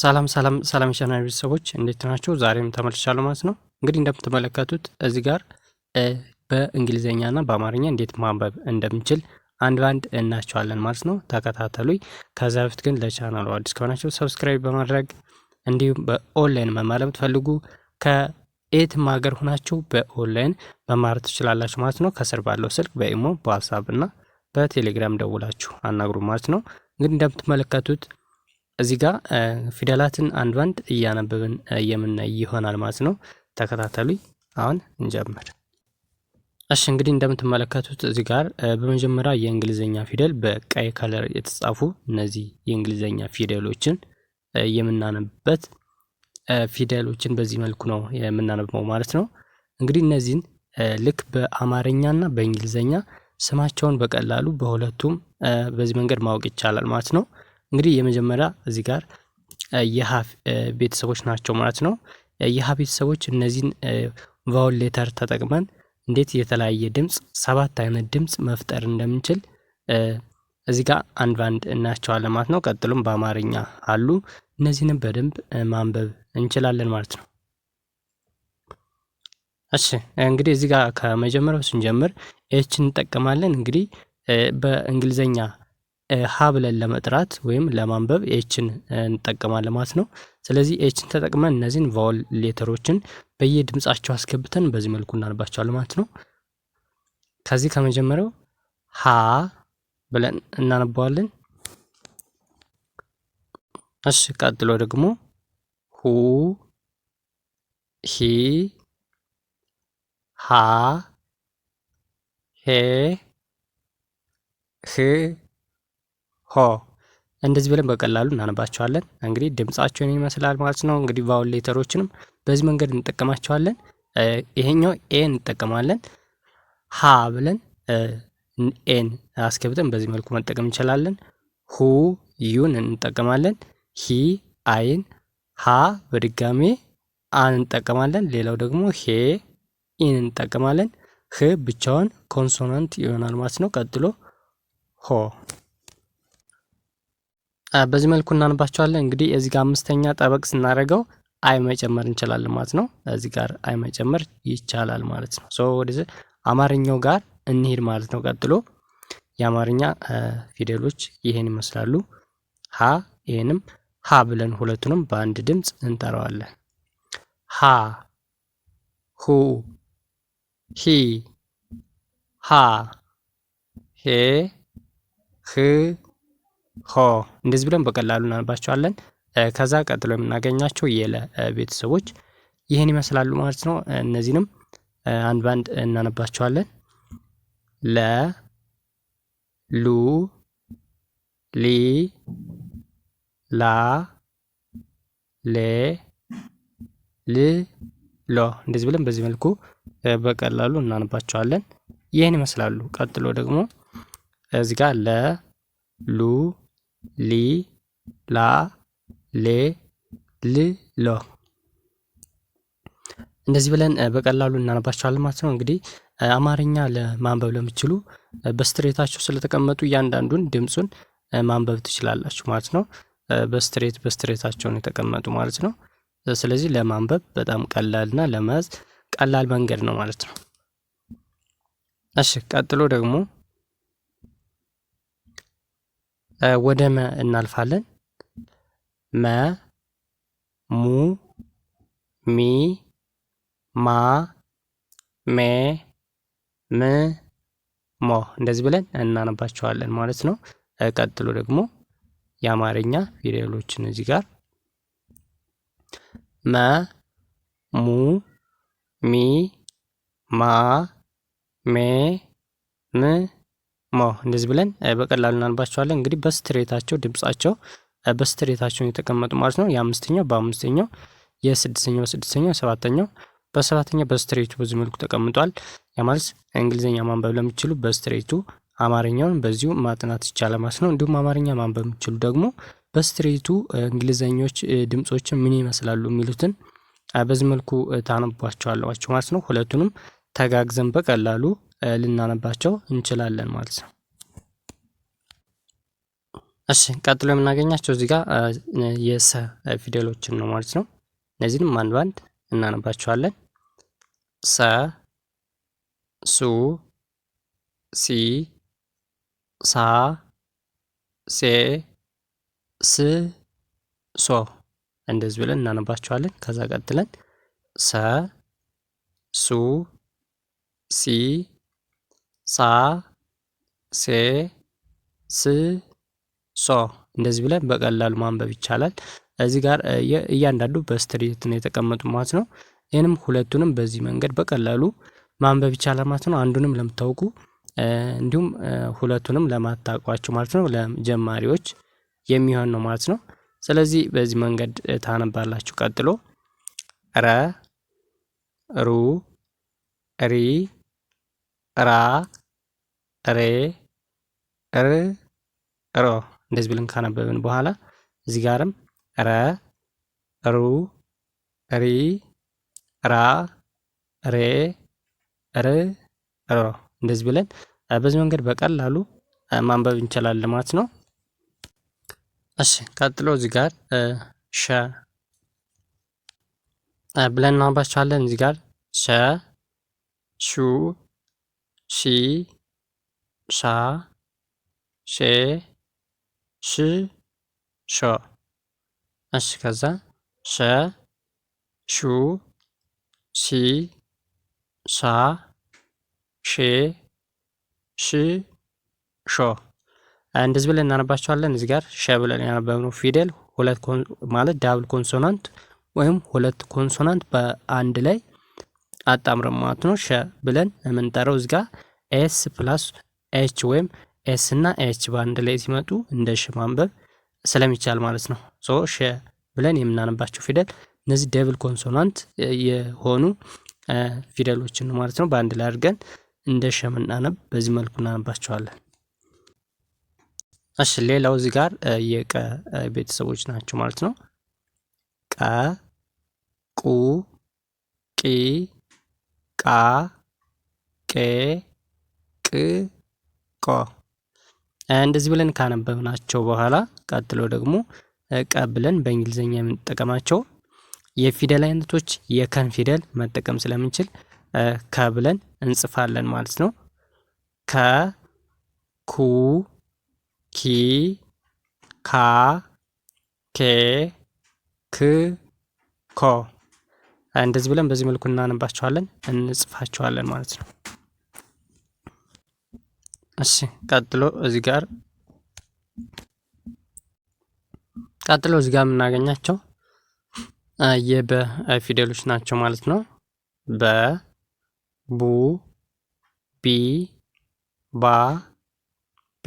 ሰላም ሰላም ሰላም የቻናል ቤተሰቦች እንዴት ናቸው? ዛሬም ተመልሻለሁ ማለት ነው። እንግዲህ እንደምትመለከቱት እዚህ ጋር በእንግሊዝኛ በአማርኛ እንዴት ማንበብ እንደምንችል አንድ በአንድ እናቸዋለን ማለት ነው። ተከታተሉኝ። ከዛ በፊት ግን ለቻናሉ አዲስ ከሆናቸው ሰብስክራይብ በማድረግ እንዲሁም በኦንላይን መማር ለምትፈልጉ ከየትም ሀገር ሆናችሁ በኦንላይን መማር ትችላላችሁ ማለት ነው። ከስር ባለው ስልክ በኢሞ በዋትሳፕ እና በቴሌግራም ደውላችሁ አናግሩ ማለት ነው። እንግዲህ እንደምትመለከቱት እዚህ ጋር ፊደላትን አንድ ባንድ እያነበብን የምናይ ይሆናል ማለት ነው። ተከታተሉኝ። አሁን እንጀምር። እሺ እንግዲህ እንደምትመለከቱት እዚህ ጋር በመጀመሪያ የእንግሊዝኛ ፊደል በቀይ ከለር የተጻፉ እነዚህ የእንግሊዝኛ ፊደሎችን የምናነብበት ፊደሎችን በዚህ መልኩ ነው የምናነበው ማለት ነው። እንግዲህ እነዚህን ልክ በአማርኛና በእንግሊዝኛ ስማቸውን በቀላሉ በሁለቱም በዚህ መንገድ ማወቅ ይቻላል ማለት ነው። እንግዲህ የመጀመሪያ እዚህ ጋር የሀ ቤተሰቦች ናቸው ማለት ነው። የሀ ቤተሰቦች እነዚህን ቫውል ሌተር ተጠቅመን እንዴት የተለያየ ድምፅ ሰባት አይነት ድምፅ መፍጠር እንደምንችል እዚህ ጋር አንድ ባንድ እናያቸዋለን ማለት ነው። ቀጥሎም በአማርኛ አሉ። እነዚህንም በደንብ ማንበብ እንችላለን ማለት ነው። እሺ እንግዲህ እዚህ ጋር ከመጀመሪያው ስንጀምር ኤች እንጠቀማለን። እንግዲህ በእንግሊዘኛ ሀ ብለን ለመጥራት ወይም ለማንበብ ኤችን እንጠቀማለን ማለት ነው። ስለዚህ ኤችን ተጠቅመን እነዚህን ቫውል ሌተሮችን በየድምጻቸው አስገብተን በዚህ መልኩ እናነባቸዋለን ማለት ነው። ከዚህ ከመጀመሪያው ሀ ብለን እናነባዋለን። እሺ ቀጥሎ ደግሞ ሁ ሂ ሃ ሄ ህ ሆ እንደዚህ ብለን በቀላሉ እናነባቸዋለን። እንግዲህ ድምጻቸውን ይመስላል ማለት ነው። እንግዲህ ቫውል ሌተሮችንም በዚህ መንገድ እንጠቀማቸዋለን። ይሄኛው ኤ እንጠቀማለን። ሀ ብለን ኤን አስገብተን በዚህ መልኩ መጠቀም እንችላለን። ሁ ዩን እንጠቀማለን። ሂ አይን፣ ሀ በድጋሜ አን እንጠቀማለን። ሌላው ደግሞ ሄ ኢን እንጠቀማለን። ህ ብቻውን ኮንሶናንት ይሆናል ማለት ነው። ቀጥሎ ሆ በዚህ መልኩ እናንባቸዋለን። እንግዲህ እዚህ ጋር አምስተኛ ጠበቅ ስናደርገው አይ መጨመር እንችላለን ማለት ነው። እዚህ ጋር አይ መጨመር ይቻላል ማለት ነው። ወደዚህ አማርኛው ጋር እንሄድ ማለት ነው። ቀጥሎ የአማርኛ ፊደሎች ይሄን ይመስላሉ። ሀ ይሄንም ሀ ብለን ሁለቱንም በአንድ ድምፅ እንጠራዋለን። ሀ ሁ ሂ ሃ ሄ ህ ሆ እንደዚህ ብለን በቀላሉ እናነባቸዋለን። ከዛ ቀጥሎ የምናገኛቸው የለ ቤተሰቦች ይህን ይመስላሉ ማለት ነው። እነዚህንም አንድ ባንድ እናነባቸዋለን። ለ ሉ ሊ ላ ሌ ል ሎ እንደዚህ ብለን በዚህ መልኩ በቀላሉ እናነባቸዋለን። ይህን ይመስላሉ። ቀጥሎ ደግሞ እዚህ ጋር ለ ሉ ሊ ላ ሌ ል ሎ እንደዚህ ብለን በቀላሉ እናነባቸዋለን ማለት ነው። እንግዲህ አማርኛ ለማንበብ ለምትችሉ በስትሬታቸው ስለተቀመጡ እያንዳንዱን ድምፁን ማንበብ ትችላላችሁ ማለት ነው። በስትሬት በስትሬታቸውን የተቀመጡ ማለት ነው። ስለዚህ ለማንበብ በጣም ቀላልና ለመያዝ ቀላል መንገድ ነው ማለት ነው። እሺ ቀጥሎ ደግሞ ወደ መ እናልፋለን። መ ሙ ሚ ማ ሜ ም ሞ እንደዚህ ብለን እናነባቸዋለን ማለት ነው። ቀጥሎ ደግሞ የአማርኛ ፊደሎችን እዚህ ጋር መ ሙ ሚ ማ ሜ ም ሞ እንደዚህ ብለን በቀላሉ እናንባቸዋለን። እንግዲህ በስትሬታቸው ድምጻቸው በስትሬታቸውን የተቀመጡ ማለት ነው። የአምስተኛው በአምስተኛው፣ የስድስተኛው በስድስተኛው፣ ሰባተኛው በሰባተኛ በስትሬቱ በዚህ መልኩ ተቀምጧል። ያማለት እንግሊዝኛ ማንበብ ለሚችሉ በስትሬቱ አማርኛውን በዚሁ ማጥናት ይቻላል ማለት ነው። እንዲሁም አማርኛ ማንበብ የሚችሉ ደግሞ በስትሬቱ እንግሊዘኞች ድምፆችን ምን ይመስላሉ የሚሉትን በዚህ መልኩ ታነቧቸዋላችሁ ማለት ነው። ሁለቱንም ተጋግዘን በቀላሉ ልናነባቸው እንችላለን ማለት ነው። እሺ ቀጥሎ የምናገኛቸው እዚህ ጋር የሰ ፊደሎችን ነው ማለት ነው። እነዚህንም አንድ ባንድ እናነባቸዋለን። ሰ፣ ሱ፣ ሲ፣ ሳ፣ ሴ፣ ስ፣ ሶ እንደዚህ ብለን እናነባቸዋለን። ከዛ ቀጥለን ሰ፣ ሱ፣ ሲ ሳ ሴ ስ ሶ እንደዚህ ብለን በቀላሉ ማንበብ ይቻላል። እዚህ ጋር እያንዳንዱ በስትሪት ነው የተቀመጡ ማለት ነው። ይህንም ሁለቱንም በዚህ መንገድ በቀላሉ ማንበብ ይቻላል ማለት ነው። አንዱንም ለምታውቁ እንዲሁም ሁለቱንም ለማታውቋቸው ማለት ነው ለጀማሪዎች የሚሆን ነው ማለት ነው። ስለዚህ በዚህ መንገድ ታነባላችሁ። ቀጥሎ ረ ሩ ሪ ራ ሬ ር ሮ እንደዚህ ብለን ካነበብን በኋላ እዚህ ጋርም ረ ሩ ሪ ራ ሬ ር ሮ እንደዚህ ብለን በዚህ መንገድ በቀላሉ ማንበብ እንችላለን ማለት ነው። እሺ ቀጥሎ እዚህ ጋር ሸ ብለን እናንባቸዋለን። እዚህ ጋር ሸ ሹ ሺ ሻ ሼ ሽ ሾ እሺ ከዛ ሸ ሹ ሺ ሻ ሼ ሽ ሾ እንደዚህ ብለን እናነባቸዋለን። እዚህ ጋር ሸ ብለን ያነበብነው ፊደል ሁለት ማለት ዳብል ኮንሶናንት ወይም ሁለት ኮንሶናንት በአንድ ላይ አጣምረን ማለት ነው ሸ ብለን የምንጠራው እዚጋ ኤስ ፕላስ ኤች ወይም ኤስ እና ኤች በአንድ ላይ ሲመጡ እንደ ሽ ማንበብ ስለሚቻል ማለት ነው። ሶ ሸ ብለን የምናነባቸው ፊደል እነዚህ ደብል ኮንሶናንት የሆኑ ፊደሎችን ማለት ነው። በአንድ ላይ አድርገን እንደ ሸ ምናነብ በዚህ መልኩ እናነባቸዋለን። እሺ ሌላው እዚህ ጋር የቀ ቤተሰቦች ናቸው ማለት ነው። ቀ ቁ ቂ ቃ ቄ ቅ ቆ እንደዚህ ብለን ካነበብናቸው በኋላ ቀጥሎ ደግሞ ቀ ብለን በእንግሊዝኛ የምንጠቀማቸው የፊደል አይነቶች የከን ፊደል መጠቀም ስለምንችል ከ ብለን እንጽፋለን ማለት ነው። ከ ኩ ኪ ካ ኬ ክ ኮ እንደዚህ ብለን በዚህ መልኩ እናነባቸዋለን እንጽፋቸዋለን ማለት ነው። እሺ ቀጥሎ እዚህ ጋር ቀጥሎ እዚህ ጋር የምናገኛቸው የበ ፊደሎች ናቸው ማለት ነው። በ ቡ ቢ ባ ቤ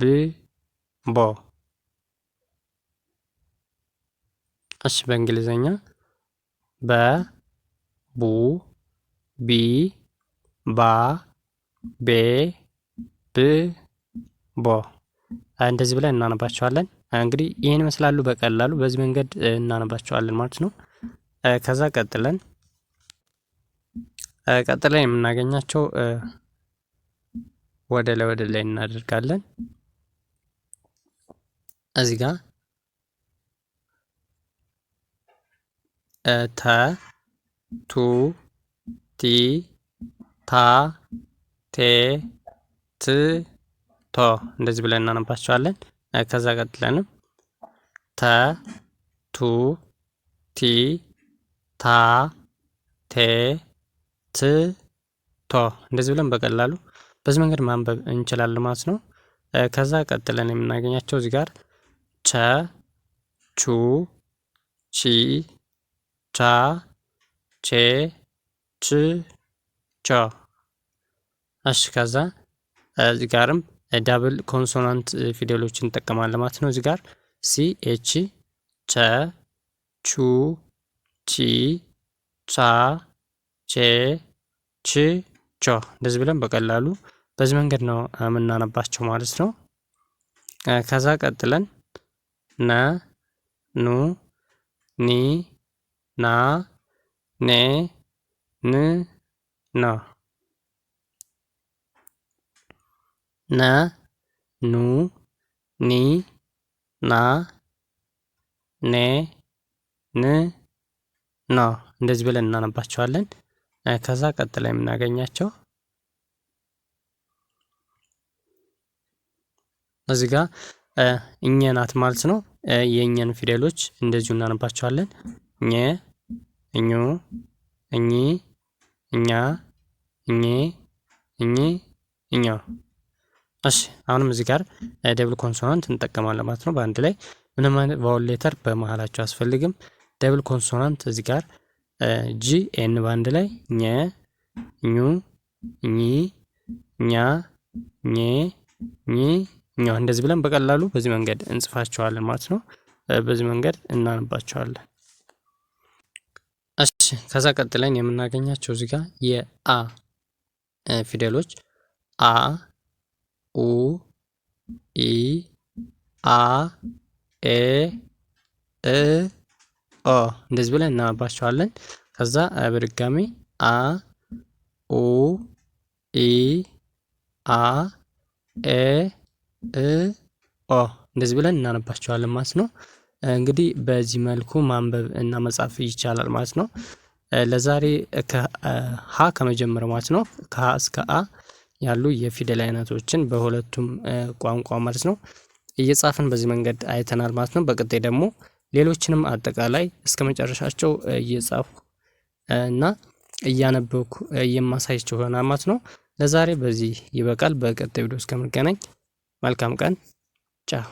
ብ ቦ። እሺ በእንግሊዘኛ በ ቡ ቢ ባ ቤ ብ ቦ እንደዚህ ብለን እናነባቸዋለን። እንግዲህ ይህን ይመስላሉ። በቀላሉ በዚህ መንገድ እናነባቸዋለን ማለት ነው። ከዛ ቀጥለን ቀጥለን የምናገኛቸው ወደ ላይ ወደ ላይ እናደርጋለን እዚህ ጋር እተ ቱ ቲ ታ ቴ ት ቶ እንደዚህ ብለን እናነባቸዋለን። ከዛ ቀጥለንም ተ ቱ ቲ ታ ቴ ት ቶ እንደዚህ ብለን በቀላሉ በዚህ መንገድ ማንበብ እንችላለን ማለት ነው። ከዛ ቀጥለን የምናገኛቸው እዚህ ጋር ቸ ቹ ቺ 자, 제, ች፣ ቾ እሺ ከዛ እዚህ ጋርም ዳብል ኮንሶናንት ፊደሎችን እንጠቀማለን ማለት ነው። እዚህ ጋር ሲ ኤች ቸ ቹ ቺ ቻ ቼ ች ቾ እንደዚህ ብለን በቀላሉ በዚህ መንገድ ነው የምናነባቸው ማለት ነው። ከዛ ቀጥለን ነ ኑ ኒ ና ኔ ን ና ነ ኑ ኒ ና ኔ ን ና እንደዚህ ብለን እናነባቸዋለን። ከዛ ቀጥላ የምናገኛቸው እዚህ ጋ እኘ ናት ማለት ነው። የእኘን ፊደሎች እንደዚሁ እናነባቸዋለን። ኘ እኙ እኚ እኛ እኚ እኚ እኛ። እሺ አሁንም እዚህ ጋር ደብል ኮንሶናንት እንጠቀማለን ማለት ነው። በአንድ ላይ ምንም አይነት ቫውል ሌተር በመሀላቸው አስፈልግም። ደብል ኮንሶናንት እዚህ ጋር ጂ ኤን በአንድ ላይ ኘ እኙ እኚ እኛ ኘ ኚ እኛ። እንደዚህ ብለን በቀላሉ በዚህ መንገድ እንጽፋቸዋለን ማለት ነው። በዚህ መንገድ እናነባቸዋለን። እሺ ከዛ ቀጥለን የምናገኛቸው እዚህ ጋር የአ ፊደሎች አ ኡ ኢ አ ኤ እ ኦ እንደዚህ ብለን እናነባቸዋለን። ከዛ በድጋሚ አ ኡ ኢ አ ኤ እ ኦ እንደዚህ ብለን እናነባቸዋለን ማለት ነው። እንግዲህ በዚህ መልኩ ማንበብ እና መጻፍ ይቻላል ማለት ነው። ለዛሬ ሀ ከመጀመር ማለት ነው ከሀ እስከ አ ያሉ የፊደል አይነቶችን በሁለቱም ቋንቋ ማለት ነው እየጻፍን በዚህ መንገድ አይተናል ማለት ነው። በቀጣይ ደግሞ ሌሎችንም አጠቃላይ እስከ መጨረሻቸው እየጻፍኩ እና እያነበብኩ የማሳያችሁ ይሆናል ማለት ነው። ለዛሬ በዚህ ይበቃል። በቀጣይ ቪዲዮ እስከምንገናኝ መልካም ቀን ቻው።